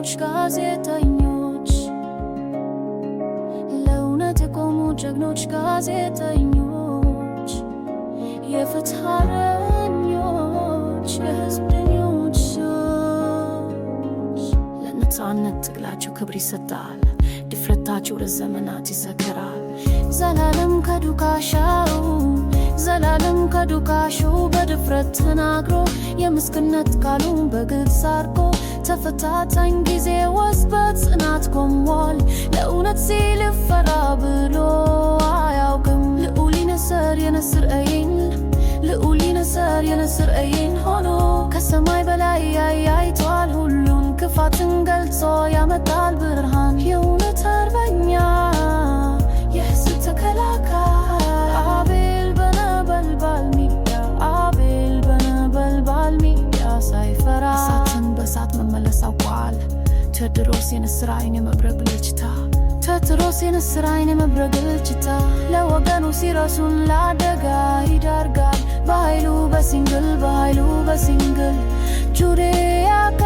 ጀግኖች ጋዜጠኞች ለእውነት የቆሙ ጀግኖች ጋዜጠኞች የፍትህ አርበኞች የህዝብ ዳኞች ለነፃነት ትግላቸው ክብር ይሰጣል። ድፍረታቸው ለዘመናት ይዘከራል። ዘላለም ከዱካሻው ዘላለም ከዱካሾው በድፍረት ተናግሮ የምስክነት ቃሉን በግልጽ አድርጎ ተፈታታኝ ጊዜ ውስጥ በጽናት ቆሟል። ለእውነት ሲል ፈራ ብሎ አያውቅም። ልዑል ይነስር የንስር አይን ልዑል ይነስር የንስር አይን ሆኖ ከሰማይ በላይ ያያይቷል። ሁሉን ክፋትን ገልጾ ያመጣል ብርሃን ስራ አይን ብልጭታ አይን የመብረቅ ብልጭታ ለወገኑ ሲረሱን ለአደጋ ይዳርጋል በኃይሉ በሲንግል በኃይሉ በሲንግል ያከ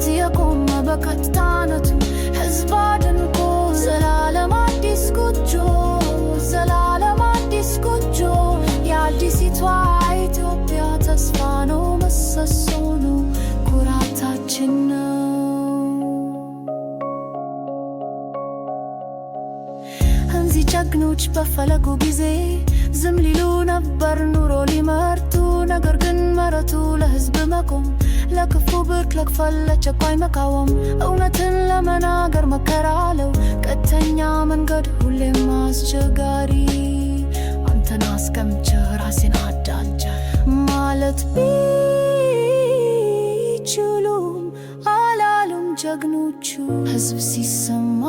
ለእውነት የቆመ በቀጥታነቱ ሕዝብ አድንቆ ዘላለም አዲስ ጎጆ ዘላለም አዲስ ጎጆ የአዲሲቷ ኢትዮጵያ ተስፋ ነው፣ ምሰሶ ነው፣ ኩራታችን ነው። እነዚህ ጀግኖች በፈለጉ ጊዜ ዝም ሊሉ ነበር ኑሮ ሊመርቱ ነገር ግን መረቱ ለህዝብ መቆም ለክፉ መጥለቅ ፈለች ቋይ መቃወም እውነትን ለመናገር መከራ አለው ቀጥተኛ መንገድ ሁሌም አስቸጋሪ አንተን አስቀምጬ ራሴን አዳንጀ ማለት ቢችሉም አላሉም ጀግኖቹ ህዝብ ሲሰማ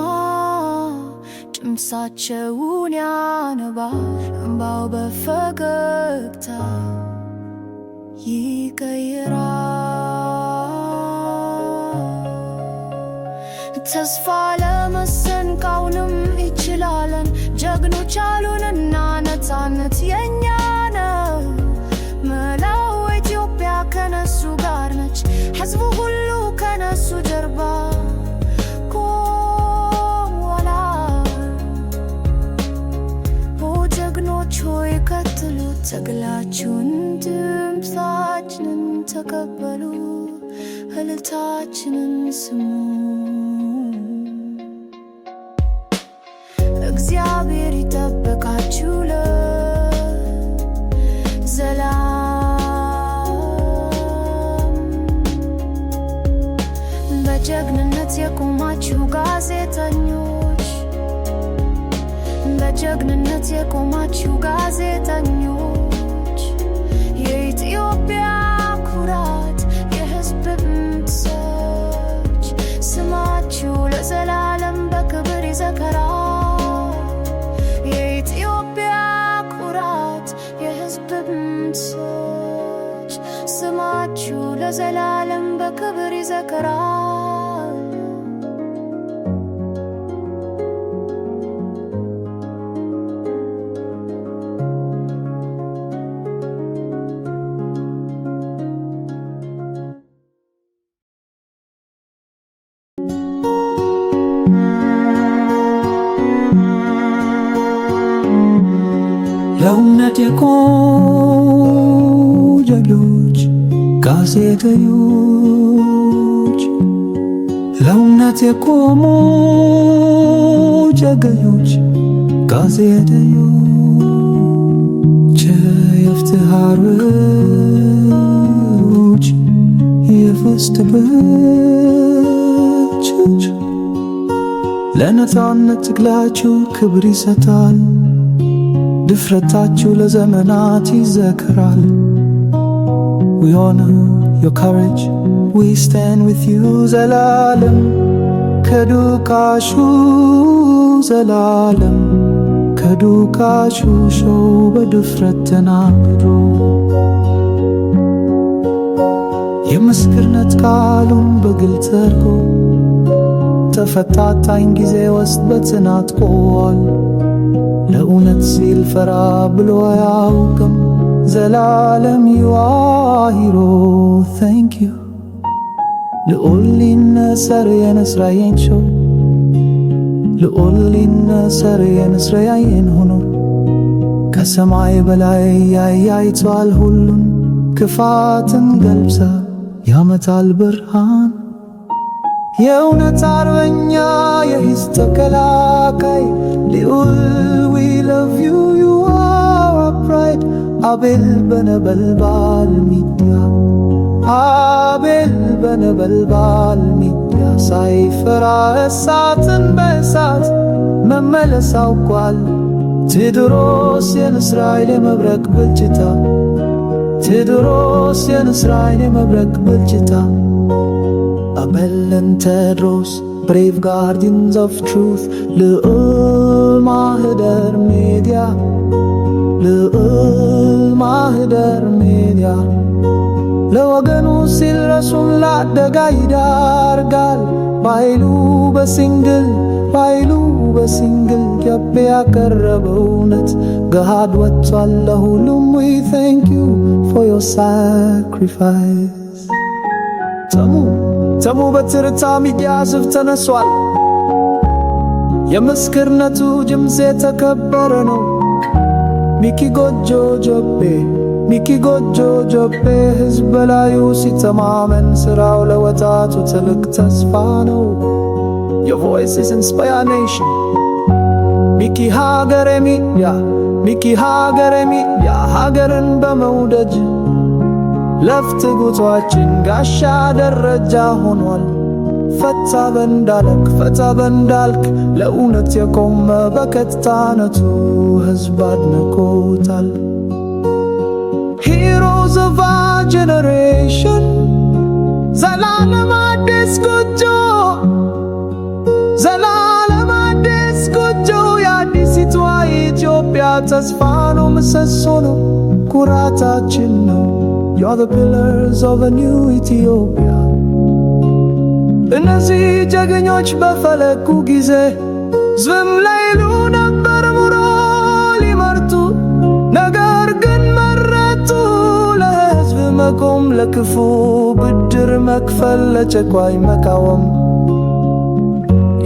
ጭምሳቸውን ያነባ እምባው በፈገግታ ይቀይራል። ተስፋ ለመሰን ቃውንም ይችላለን ጀግኖች አሉንና ነፃነት የኛ ነው። መላው ኢትዮጵያ ከነሱ ጋር ነች፣ ሕዝቡ ሁሉ ከነሱ ጀርባ ኮሟላ። ኦ ጀግኖች ሆይ ቀጥሉ ትግላችሁን፣ ድምፃችንን ተቀበሉ፣ እልልታችንን ስሙ። የቆማችሁ ጋዜጠኞች የኢትዮጵያ ኩራት የሕዝብ ምሰች ስማችሁ ለዘላለም በክብር ይዘከራ። የኢትዮጵያ ኩራት የሕዝብ ምሰች ስማችሁ ለዘላለም በክብር ይዘከራ። ለእውነት የቆሙ ጀግኖች ጋዜጠኞች ለእውነት የቆሙ ጀግኖች ጋዜጠኞች የፍትህ አርበኞች የፈስትበች ለነፃነት ትግላችሁ ክብር ይሰጣል። ድፍረታችሁ ለዘመናት ይዘክራል። We honor your courage, we stand with you ዘላለም ከዱካሹ ዘላለም ከዱካሹ ሸው በድፍረት ተናግሮ የምስክርነት ቃሉን በግልጽ አድርጎ ተፈታታኝ ጊዜ ውስጥ በጽናት ቆሟል። ለእውነት ሲል ፈራ ብሎ አያውቅም ዘላለም ይዋሂሮ ታንክ ዩ ልዑል ይነሰር የንስራዬን ሾው ልዑል ይነሰር የንስራዬን ሆኖ ከሰማይ በላይ ያያይቷል ሁሉን ክፋትን ገልብሳ ያመታል ብርሃን የእውነት አርበኛ የሂስ ተከላካይ ልዑል ዊ ለቭ ዩ ዩ አር ፕራይድ አቤል በነበልባል ሚዲያ አቤል በነበልባል ሚዲያ ሳይፈራ እሳትን በእሳት መመለስ አውቋል። ቴዎድሮስ የንስራኤል የመብረቅ ብልጭታ ቴዎድሮስ የንስራኤል የመብረቅ ብልጭታ አቤል እና ቴዎድሮስ ብሬቭ ጋርዲያንስ ኦፍ ትሩዝ ልዑል ማህደር ሚዲያ ልዑል ማህደር ለወገኑ ሲል ረሱን ለአደጋ ይዳርጋል ባይሉ በሲንግል ባይሉ በሲንግል ጀቤ ያቀረበው እውነት ገሃድ ወጥቷል ለሁሉም። ዊ ታንክ ዩ ፎር ዮር ሳክሪፋይስ ተሙ በትርታ ስብ ተነሷል። የምስክርነቱ ድምፄ የተከበረ ነው። ሚኪ ጎጆ ጆቤ ሚኪ ጎጆ ጆቤ ሕዝብ በላዩ ሲተማመን ሥራው ለወጣቱ ትልቅ ተስፋ ነው። የቮይስስ ኢንስፓያኔሽን ሚኪ ሀገሬ ሚዲያ ሚኪ ሀገሬ ሚዲያ ሀገርን በመውደድ ለፍትጉቷችን ጋሻ ደረጃ ሆኗል። ፈታ በንዳልክ ፈታ በንዳልክ ለእውነት የቆመ በከታነቱ ሕዝብ አድንቆታል። ሂሮዝ ኦፍ አወር ጄኔሬሽን ዘላለም አዲስ ጎጆ ዘላለም አዲስ ጎጆ የአዲሲቷ ኢትዮጵያ ተስፋ ነው፣ ምሰሶ ነው፣ ኩራታችን ነው። You're the pillars of a new Ethiopia እነዚህ ጀግኞች በፈለኩ ጊዜ ዝም ላይሉ ነበር ሙሮ ሊመርቱ ነገር ግን መረጡ ለሕዝብ መቆም ለክፉ ብድር መክፈል ለጨቋይ መቃወም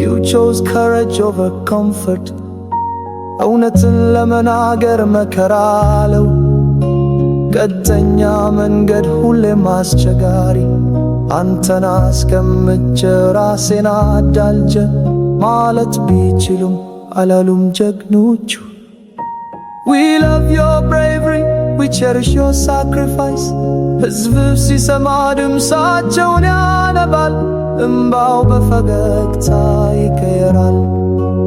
You chose courage over comfort እውነትን ለመናገር መከራ አለው ቀጥተኛ መንገድ ሁሌም አስቸጋሪ አንተን አስቀምጬ ራሴን አዳልጀ ማለት ቢችሉም አላሉም ጀግኖቹ። ዊ ላቭ ዮር ብሬቨሪ ዊ ቸሪሽ ዮር ሳክሪፋይስ። ሕዝብ ሲሰማ ድምሳቸውን ያነባል፣ እምባው በፈገግታ ይቀየራል።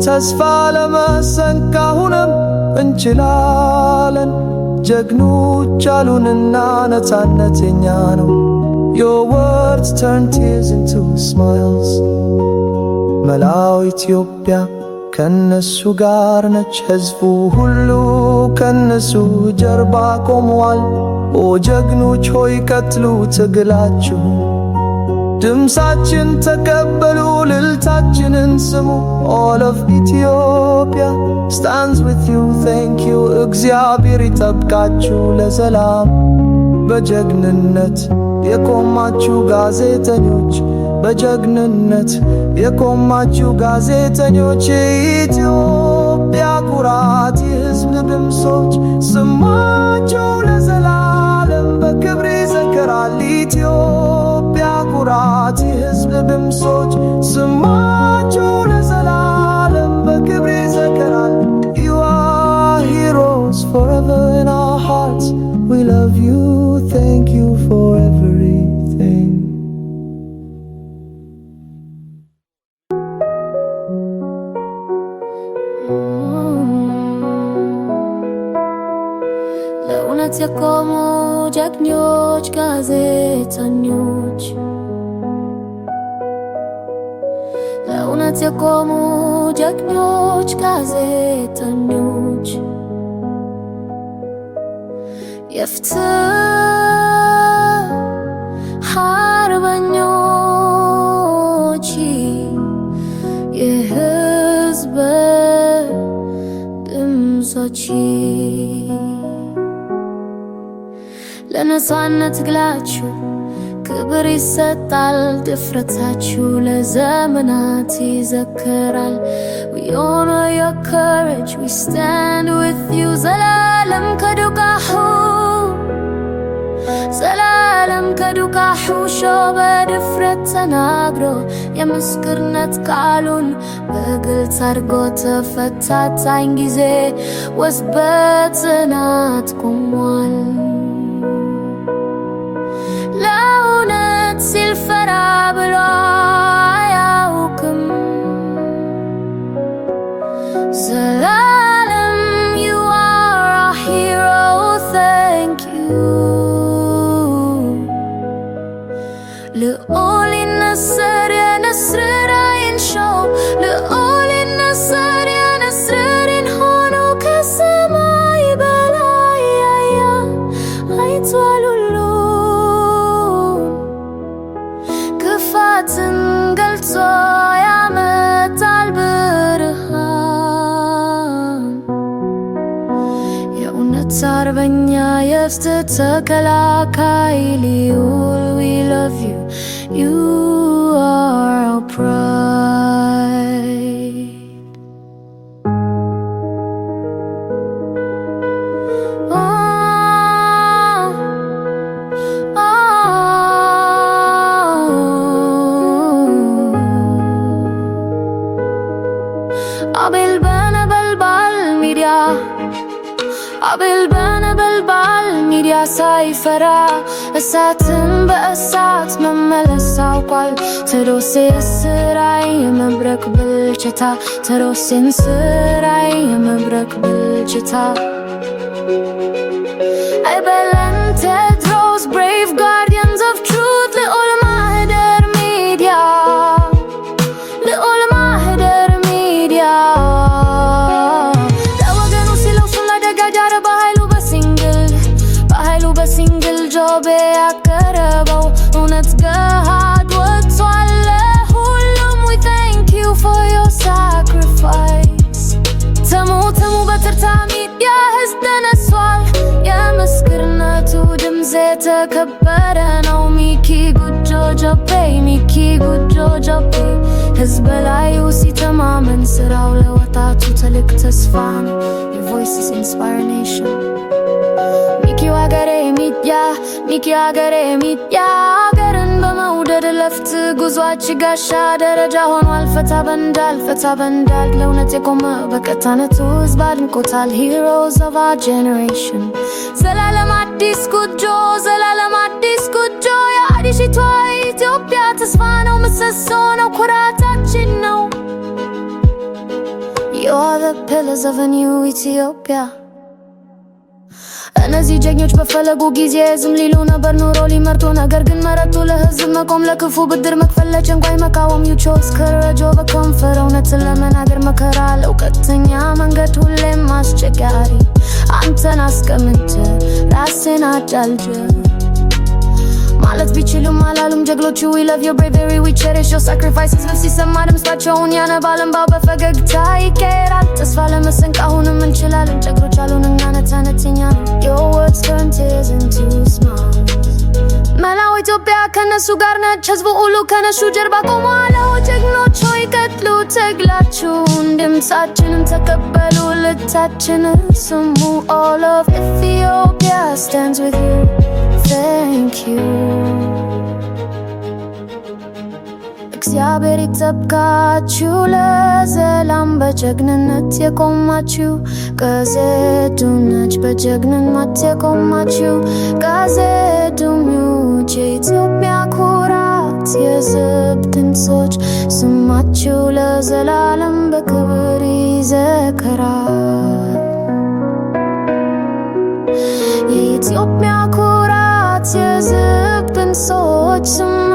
ተስፋ ለመሰንቅ እንችላለን ጀግኖች አሉንና ነፃነት የኛ ነው። Your words turn tears into smiles መላው ኢትዮጵያ ከነሱ ጋር ነች። ሕዝቡ ሁሉ ከነሱ ጀርባ ቆመዋል። ኦ ጀግኖች ሆይ ቀጥሉ ትግላችሁ ድምሳችን ተቀበሉ፣ ልልታችንን ስሙ። all of Ethiopia stands with you thank you እግዚአብሔር ይጠብቃችሁ ለሰላም በጀግንነት የቆማችሁ ጋዜጠኞች በጀግንነት የቆማችሁ ጋዜጠኞች የኢትዮጵያ ኩራት የሕዝብ ድምሶች ስማቸው ለዘላለም በክብር ይዘከራል ኢትዮ የኢትዮጵያ ኩራት የህዝብ ድምፆች ስማቸው የቆሙ ጀግኖች ጋዜጠኞች የፍትህ አርበኞች የሕዝብ ድምፆች ለነፃነት ትግላችሁ ክብር ይሰጣል። ድፍረታችሁ ለዘመናት ይዘከራል። We honor your courage, we stand with you ዘላለም ከዱካሁ ዘላለም ከዱካሁ ሾ በድፍረት ተናግሮ የምስክርነት ቃሉን በግልጽ አድርጎ ተፈታታኝ ጊዜ ወስበጽናት ቆሟል። ብሎ አያውቅም። Rabanya Yaftatakaila Yul, we love you. You are our pride. Oh, oh. أبل بنا بلبل ميريا አቤል በነበልባል ሚዲያ ሳይፈራ እሳትን በእሳት መመለስ አውቋል። ትሮሴ ስራይ የመብረቅ ብልጭታ ትሮሴን ስራይ የመብረቅ ብልጭታ አይበለን kabaran o mi ki gujo jo mi ki gujo jo his belai usi tamam en and wa ta tu talik your voice is inspire nation mi ki agare mi ya mi ki agare ya agare መውደድ ለፍት ጉዟች ጋሻ ደረጃ ሆኗል። ፈታ በንዳል ፈታ በንዳል ለእውነት የቆመ በቀታነቱ ህዝብ አድንቆታል። ሂሮስ ኦፍ አወር ጄኔሬሽን ዘላለም አዲስ ጎጆ ዘላለም አዲስ ጎጆ የአዲሲቷ ኢትዮጵያ ተስፋ ነው፣ ምሰሶ ነው፣ ኩራታችን ነው። You are the pillars of a new እነዚህ ጀግኞች በፈለጉ ጊዜ ዝም ሊሉ ነበር ኑሮ ሊመርጡ። ነገር ግን መረጡ ለህዝብ መቆም፣ ለክፉ ብድር መክፈል፣ ለጨንቋይ መቃወም። ዩ ቾዝ ከረጅ እውነትን ለመናገር መከራ አለው መንገድ ሁሌም አስቸጋሪ። አንተን አስቀምጥ ራስን አጫልጭ ማለት ቢችሉም አላሉም ጀግሎቹ we love your bravery we cherish your sacrifices ልብ ሲሰማ ድምጻቸውን ያነባል እንባው በፈገግታ ይቀየራል ተስፋ ለመሰንቅ አሁንም እንችላለን ጀግኖች አሉን እኛ ነታ ነትኛ your words turn tears into smiles መላው ኢትዮጵያ ከነሱ ጋር ነች ህዝቡ ሁሉ ከነሱ ጀርባ ቆሟል ጀግኖች ሆይ ቀጥሉ ትግላችሁን ድምፃችንን ተቀበሉ ልታችንን ስሙ all of Ethiopia stands with you thank you እግዚአብሔር ይጠብቃችሁ ለዘላም በጀግንነት የቆማችሁ ጋዜጠኞች በጀግንነት የቆማችሁ ቀዘዱኞች የኢትዮጵያ ኩራት የሕዝብ ድምፆች ስማችሁ ለዘላለም በክብር ይዘከራል። የኢትዮጵያ It's as if been so much